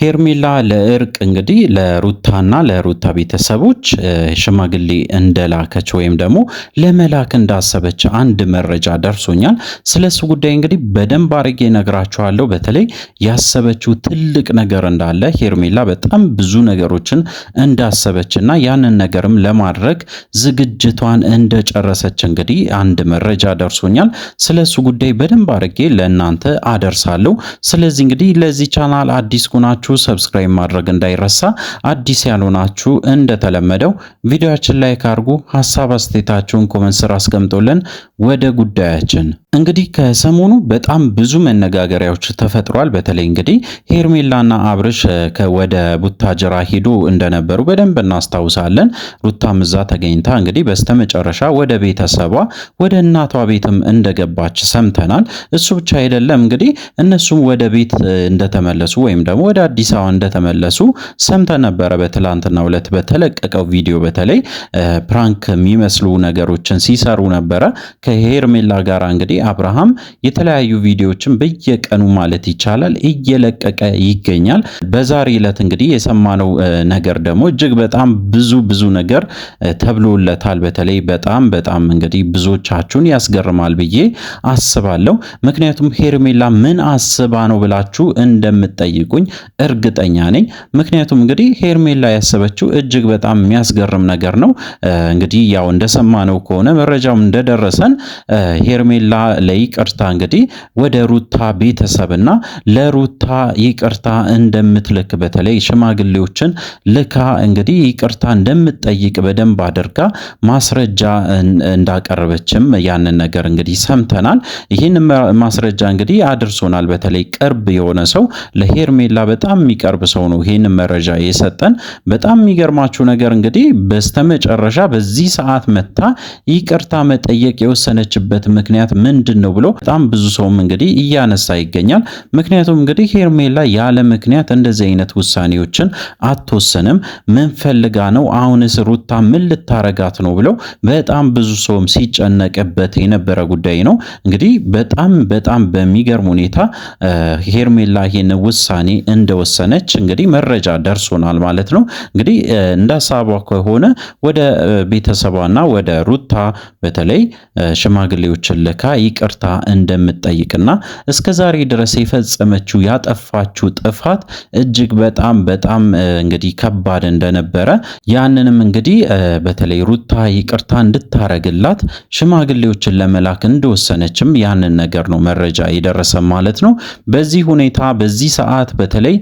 ሄርሜላ ለእርቅ እንግዲህ ለሩታና ለሩታ ቤተሰቦች ሽማግሌ እንደላከች ወይም ደግሞ ለመላክ እንዳሰበች አንድ መረጃ ደርሶኛል። ስለሱ ጉዳይ እንግዲህ በደንብ አርጌ እነግራችኋለሁ። በተለይ ያሰበችው ትልቅ ነገር እንዳለ ሄርሜላ በጣም ብዙ ነገሮችን እንዳሰበችና ያንን ነገርም ለማድረግ ዝግጅቷን እንደጨረሰች እንግዲህ አንድ መረጃ ደርሶኛል። ስለሱ ጉዳይ በደንብ አርጌ ለእናንተ አደርሳለሁ። ስለዚህ እንግዲህ ለዚህ ቻናል አዲስ ኩናችሁ ከሆናችሁ ሰብስክራይብ ማድረግ እንዳይረሳ። አዲስ ያልሆናችሁ እንደተለመደው ቪዲዮአችን ላይ ካርጉ ሀሳብ አስተያየታችሁን ኮመንት ስር አስቀምጦልን ወደ ጉዳያችን እንግዲህ ከሰሞኑ በጣም ብዙ መነጋገሪያዎች ተፈጥሯል። በተለይ እንግዲህ ሄርሜላና አብርሽ ወደ ቡታጅራ ሂዶ እንደነበሩ በደንብ እናስታውሳለን። ሩታም እዛ ተገኝታ እንግዲህ በስተመጨረሻ ወደ ቤተሰቧ ወደ እናቷ ቤትም እንደገባች ሰምተናል። እሱ ብቻ አይደለም እንግዲህ እነሱም ወደ ቤት እንደተመለሱ ወይም ደግሞ ወደ አዲስ አበባ እንደተመለሱ ሰምተን ነበረ። በትላንትናው ዕለት በተለቀቀው ቪዲዮ በተለይ ፕራንክ የሚመስሉ ነገሮችን ሲሰሩ ነበረ ከሄርሜላ ጋር እንግዲህ አብርሃም የተለያዩ ቪዲዮዎችን በየቀኑ ማለት ይቻላል እየለቀቀ ይገኛል። በዛሬ ዕለት እንግዲህ የሰማነው ነገር ደግሞ እጅግ በጣም ብዙ ብዙ ነገር ተብሎለታል። በተለይ በጣም በጣም እንግዲህ ብዙዎቻችሁን ያስገርማል ብዬ አስባለሁ። ምክንያቱም ሄርሜላ ምን አስባ ነው ብላችሁ እንደምትጠይቁኝ እርግጠኛ ነኝ። ምክንያቱም እንግዲህ ሄርሜላ ያሰበችው እጅግ በጣም የሚያስገርም ነገር ነው። እንግዲህ ያው እንደሰማነው ከሆነ መረጃው እንደደረሰን ሄርሜላ ለይቅርታ እንግዲህ ወደ ሩታ ቤተሰብና ለሩታ ይቅርታ እንደምትልክ በተለይ ሽማግሌዎችን ልካ እንግዲህ ይቅርታ እንደምትጠይቅ በደንብ አድርጋ ማስረጃ እንዳቀረበችም ያንን ነገር እንግዲህ ሰምተናል። ይህን ማስረጃ እንግዲህ አድርሶናል። በተለይ ቅርብ የሆነ ሰው ለሄርሜላ በጣም የሚቀርብ ሰው ነው ይህን መረጃ የሰጠን። በጣም የሚገርማችሁ ነገር እንግዲህ በስተመጨረሻ በዚህ ሰዓት መታ ይቅርታ መጠየቅ የወሰነችበት ምክንያት ምን ምንድን ነው ብሎ በጣም ብዙ ሰውም እንግዲህ እያነሳ ይገኛል። ምክንያቱም እንግዲህ ሄርሜላ ያለ ምክንያት እንደዚህ አይነት ውሳኔዎችን አትወሰንም። ምን ፈልጋ ነው? አሁንስ ሩታ ምን ልታረጋት ነው? ብለው በጣም ብዙ ሰውም ሲጨነቅበት የነበረ ጉዳይ ነው። እንግዲህ በጣም በጣም በሚገርም ሁኔታ ሄርሜላ ይህን ውሳኔ እንደወሰነች እንግዲህ መረጃ ደርሶናል ማለት ነው። እንግዲህ እንደ ሀሳቧ ከሆነ ወደ ቤተሰቧና ወደ ሩታ በተለይ ሽማግሌዎችን ልካ ይቅርታ እንደምትጠይቅና እስከ ዛሬ ድረስ የፈጸመችው ያጠፋችው ጥፋት እጅግ በጣም በጣም እንግዲህ ከባድ እንደነበረ ያንንም እንግዲህ በተለይ ሩታ ይቅርታ እንድታረግላት ሽማግሌዎችን ለመላክ እንደወሰነችም ያንን ነገር ነው መረጃ የደረሰ ማለት ነው። በዚህ ሁኔታ በዚህ ሰዓት በተለይ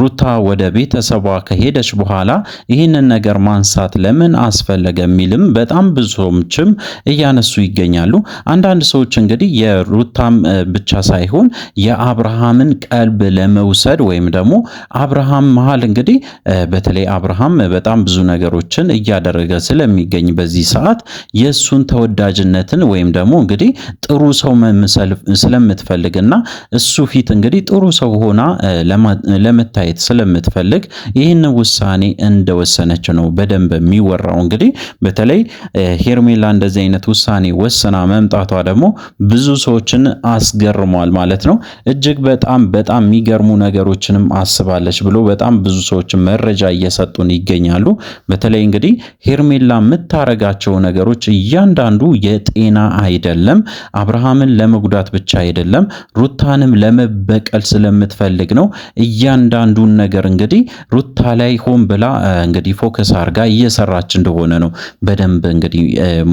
ሩታ ወደ ቤተሰቧ ከሄደች በኋላ ይህንን ነገር ማንሳት ለምን አስፈለገ የሚልም በጣም ብዙዎችም እያነሱ ይገኛሉ። አንዳንድ አንዳንድ ሰዎች እንግዲህ የሩታም ብቻ ሳይሆን የአብርሃምን ቀልብ ለመውሰድ ወይም ደግሞ አብርሃም መሀል እንግዲህ በተለይ አብርሃም በጣም ብዙ ነገሮችን እያደረገ ስለሚገኝ በዚህ ሰዓት የእሱን ተወዳጅነትን ወይም ደግሞ እንግዲህ ጥሩ ሰው መምሰል ስለምትፈልግና እሱ ፊት እንግዲህ ጥሩ ሰው ሆና ለመታየት ስለምትፈልግ ይህን ውሳኔ እንደወሰነች ነው በደንብ የሚወራው። እንግዲህ በተለይ ሄርሜላ እንደዚህ አይነት ውሳኔ ወስና መምጣቷ ደግሞ ብዙ ሰዎችን አስገርሟል ማለት ነው። እጅግ በጣም በጣም የሚገርሙ ነገሮችንም አስባለች ብሎ በጣም ብዙ ሰዎች መረጃ እየሰጡን ይገኛሉ። በተለይ እንግዲህ ሄርሜላ የምታረጋቸው ነገሮች እያንዳንዱ የጤና አይደለም፣ አብርሃምን ለመጉዳት ብቻ አይደለም፣ ሩታንም ለመበቀል ስለምትፈልግ ነው። እያንዳንዱን ነገር እንግዲህ ሩታ ላይ ሆን ብላ እንግዲህ ፎከስ አርጋ እየሰራች እንደሆነ ነው በደንብ እንግዲህ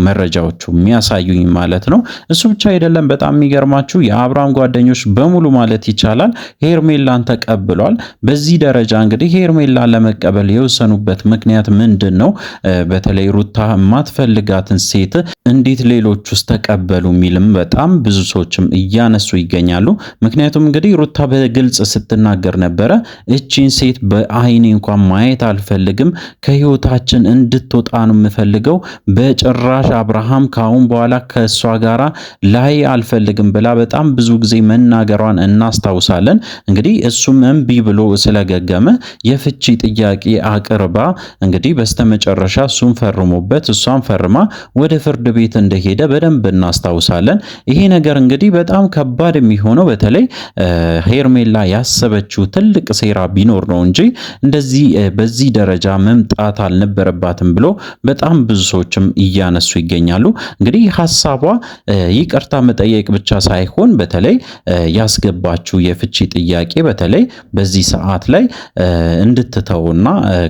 መረጃዎቹ የሚያሳዩኝ ማለት ነው። እሱ ብቻ አይደለም። በጣም የሚገርማችሁ የአብርሃም ጓደኞች በሙሉ ማለት ይቻላል ሄርሜላን ተቀብሏል። በዚህ ደረጃ እንግዲህ ሄርሜላን ለመቀበል የወሰኑበት ምክንያት ምንድን ነው? በተለይ ሩታ የማትፈልጋትን ሴት እንዴት ሌሎች ውስጥ ተቀበሉ የሚልም በጣም ብዙ ሰዎችም እያነሱ ይገኛሉ። ምክንያቱም እንግዲህ ሩታ በግልጽ ስትናገር ነበረ፣ እቺን ሴት በአይኔ እንኳን ማየት አልፈልግም፣ ከህይወታችን እንድትወጣ ነው የምፈልገው። በጭራሽ አብርሃም ከአሁን በኋላ ከእሷ ጋራ ላይ አልፈልግም ብላ በጣም ብዙ ጊዜ መናገሯን እናስታውሳለን። እንግዲህ እሱም እምቢ ብሎ ስለገገመ የፍቺ ጥያቄ አቅርባ እንግዲህ በስተመጨረሻ እሱም ፈርሞበት እሷም ፈርማ ወደ ፍርድ ቤት እንደሄደ በደንብ እናስታውሳለን። ይሄ ነገር እንግዲህ በጣም ከባድ የሚሆነው በተለይ ሄርሜላ ያሰበችው ትልቅ ሴራ ቢኖር ነው እንጂ እንደዚህ በዚህ ደረጃ መምጣት አልነበረባትም ብሎ በጣም ብዙ ሰዎችም እያነሱ ይገኛሉ። እንግዲህ ሀሳቧ ይቅርታ መጠየቅ ብቻ ሳይሆን በተለይ ያስገባችው የፍቺ ጥያቄ በተለይ በዚህ ሰዓት ላይ እንድትተውና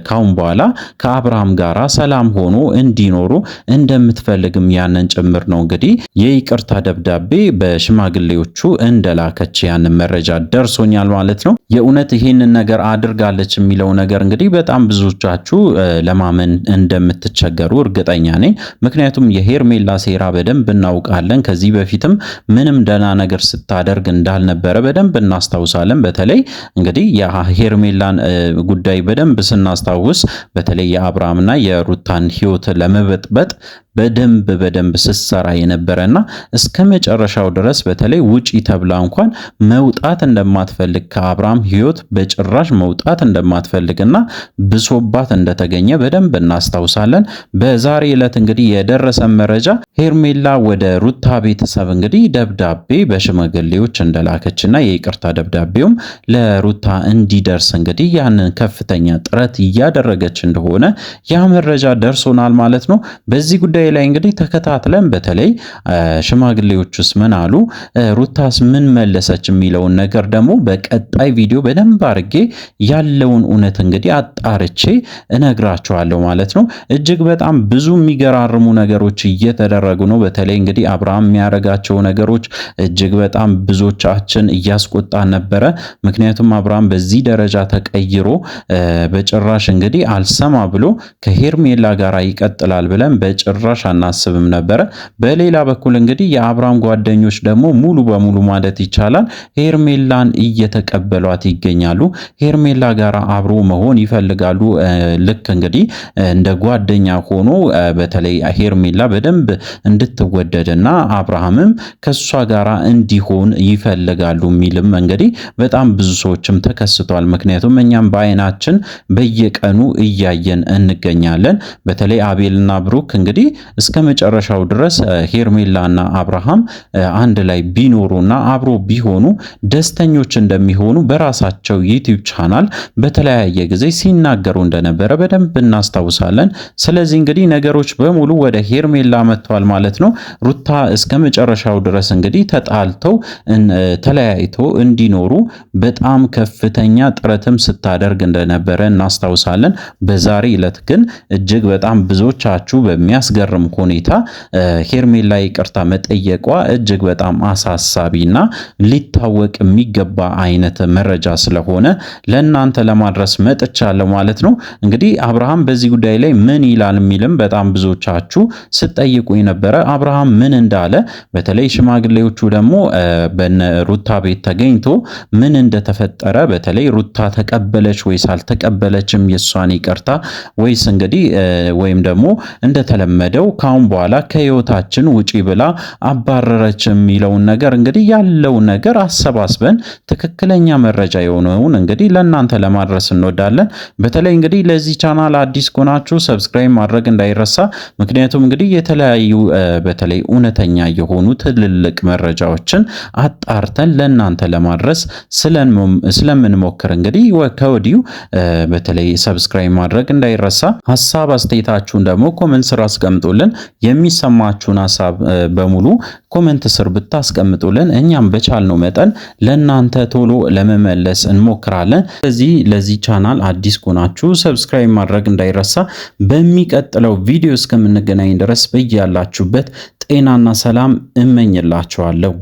ካሁን በኋላ ከአብርሃም ጋራ ሰላም ሆኖ እንዲኖሩ እንደምትፈልግም ያንን ጭምር ነው እንግዲህ የይቅርታ ደብዳቤ በሽማግሌዎቹ እንደላከች ያንን መረጃ ደርሶኛል ማለት ነው። የእውነት ይህንን ነገር አድርጋለች የሚለው ነገር እንግዲህ በጣም ብዙቻችሁ ለማመን እንደምትቸገሩ እርግጠኛ ነኝ። ምክንያቱም የሄርሜላ ሴራ በደንብ እናውቃለን። እንችላለን። ከዚህ በፊትም ምንም ደህና ነገር ስታደርግ እንዳልነበረ በደንብ እናስታውሳለን። በተለይ እንግዲህ የሄርሜላን ጉዳይ በደንብ ስናስታውስ በተለይ የአብርሃምና የሩታን ህይወት ለመበጥበጥ በደንብ በደንብ ስትሰራ የነበረና እስከ መጨረሻው ድረስ በተለይ ውጪ ተብላ እንኳን መውጣት እንደማትፈልግ ከአብርሃም ሕይወት በጭራሽ መውጣት እንደማትፈልግና ብሶባት እንደተገኘ በደንብ እናስታውሳለን። በዛሬ ዕለት እንግዲህ የደረሰን መረጃ ሄርሜላ ወደ ሩታ ቤተሰብ እንግዲህ ደብዳቤ በሽማግሌዎች እንደላከችና የይቅርታ ደብዳቤውም ለሩታ እንዲደርስ እንግዲህ ያንን ከፍተኛ ጥረት እያደረገች እንደሆነ ያ መረጃ ደርሶናል ማለት ነው። በዚህ ጉዳይ ጉዳይ ላይ እንግዲህ ተከታትለን በተለይ ሽማግሌዎቹስ ምን አሉ፣ ሩታስ ምን መለሰች የሚለውን ነገር ደግሞ በቀጣይ ቪዲዮ በደንብ አድርጌ ያለውን እውነት እንግዲህ አጣርቼ እነግራችኋለሁ ማለት ነው። እጅግ በጣም ብዙ የሚገራርሙ ነገሮች እየተደረጉ ነው። በተለይ እንግዲህ አብርሃም የሚያደርጋቸው ነገሮች እጅግ በጣም ብዙዎቻችን እያስቆጣ ነበረ። ምክንያቱም አብርሃም በዚህ ደረጃ ተቀይሮ በጭራሽ እንግዲህ አልሰማ ብሎ ከሄርሜላ ጋር ይቀጥላል ብለን በጭራሽ ጭራሽ አናስብም ነበረ። በሌላ በኩል እንግዲህ የአብርሃም ጓደኞች ደግሞ ሙሉ በሙሉ ማለት ይቻላል ሄርሜላን እየተቀበሏት ይገኛሉ። ሄርሜላ ጋር አብሮ መሆን ይፈልጋሉ። ልክ እንግዲህ እንደ ጓደኛ ሆኖ በተለይ ሄርሜላ በደንብ እንድትወደድና አብርሃምም ከእሷ ጋር እንዲሆን ይፈልጋሉ የሚልም እንግዲህ በጣም ብዙ ሰዎችም ተከስቷል። ምክንያቱም እኛም በአይናችን በየቀኑ እያየን እንገኛለን። በተለይ አቤልና ብሩክ እንግዲህ እስከ መጨረሻው ድረስ ሄርሜላና አብርሃም አንድ ላይ ቢኖሩና አብሮ ቢሆኑ ደስተኞች እንደሚሆኑ በራሳቸው ዩቲዩብ ቻናል በተለያየ ጊዜ ሲናገሩ እንደነበረ በደንብ እናስታውሳለን። ስለዚህ እንግዲህ ነገሮች በሙሉ ወደ ሄርሜላ መጥተዋል ማለት ነው። ሩታ እስከ መጨረሻው ድረስ እንግዲህ ተጣልተው ተለያይተው እንዲኖሩ በጣም ከፍተኛ ጥረትም ስታደርግ እንደነበረ እናስታውሳለን። በዛሬ ዕለት ግን እጅግ በጣም ብዙዎቻችሁ በሚያስገ በሚያስገርም ሁኔታ ሄርሜላ ይቅርታ መጠየቋ እጅግ በጣም አሳሳቢና ሊታወቅ የሚገባ አይነት መረጃ ስለሆነ ለእናንተ ለማድረስ መጥቻለሁ ማለት ነው። እንግዲህ አብርሃም በዚህ ጉዳይ ላይ ምን ይላል የሚልም በጣም ብዙዎቻችሁ ስትጠይቁ የነበረ አብርሃም ምን እንዳለ በተለይ ሽማግሌዎቹ ደግሞ ሩታ ቤት ተገኝቶ ምን እንደተፈጠረ በተለይ ሩታ ተቀበለች ወይስ አልተቀበለችም የእሷን ይቅርታ ወይስ እንግዲህ ወይም ደግሞ እንደተለመደው ሰውየው ካሁን በኋላ ከህይወታችን ውጪ ብላ አባረረች የሚለውን ነገር እንግዲህ ያለው ነገር አሰባስበን ትክክለኛ መረጃ የሆነውን እንግዲህ ለእናንተ ለማድረስ እንወዳለን። በተለይ እንግዲህ ለዚህ ቻናል አዲስ ከሆናችሁ ሰብስክራይብ ማድረግ እንዳይረሳ። ምክንያቱም እንግዲህ የተለያዩ በተለይ እውነተኛ የሆኑ ትልልቅ መረጃዎችን አጣርተን ለእናንተ ለማድረስ ስለምንሞክር እንግዲህ ከወዲሁ በተለይ ሰብስክራይብ ማድረግ እንዳይረሳ። ሀሳብ አስተያየታችሁን ደግሞ ኮመንት ስራ አስቀምጡ። ብታደርጉልን የሚሰማችሁን ሀሳብ በሙሉ ኮመንት ስር ብታስቀምጡልን እኛም በቻልነው መጠን ለእናንተ ቶሎ ለመመለስ እንሞክራለን። ስለዚህ ለዚህ ቻናል አዲስ ከሆናችሁ ሰብስክራይብ ማድረግ እንዳይረሳ። በሚቀጥለው ቪዲዮ እስከምንገናኝ ድረስ በያላችሁበት ጤናና ሰላም እመኝላችኋለሁ።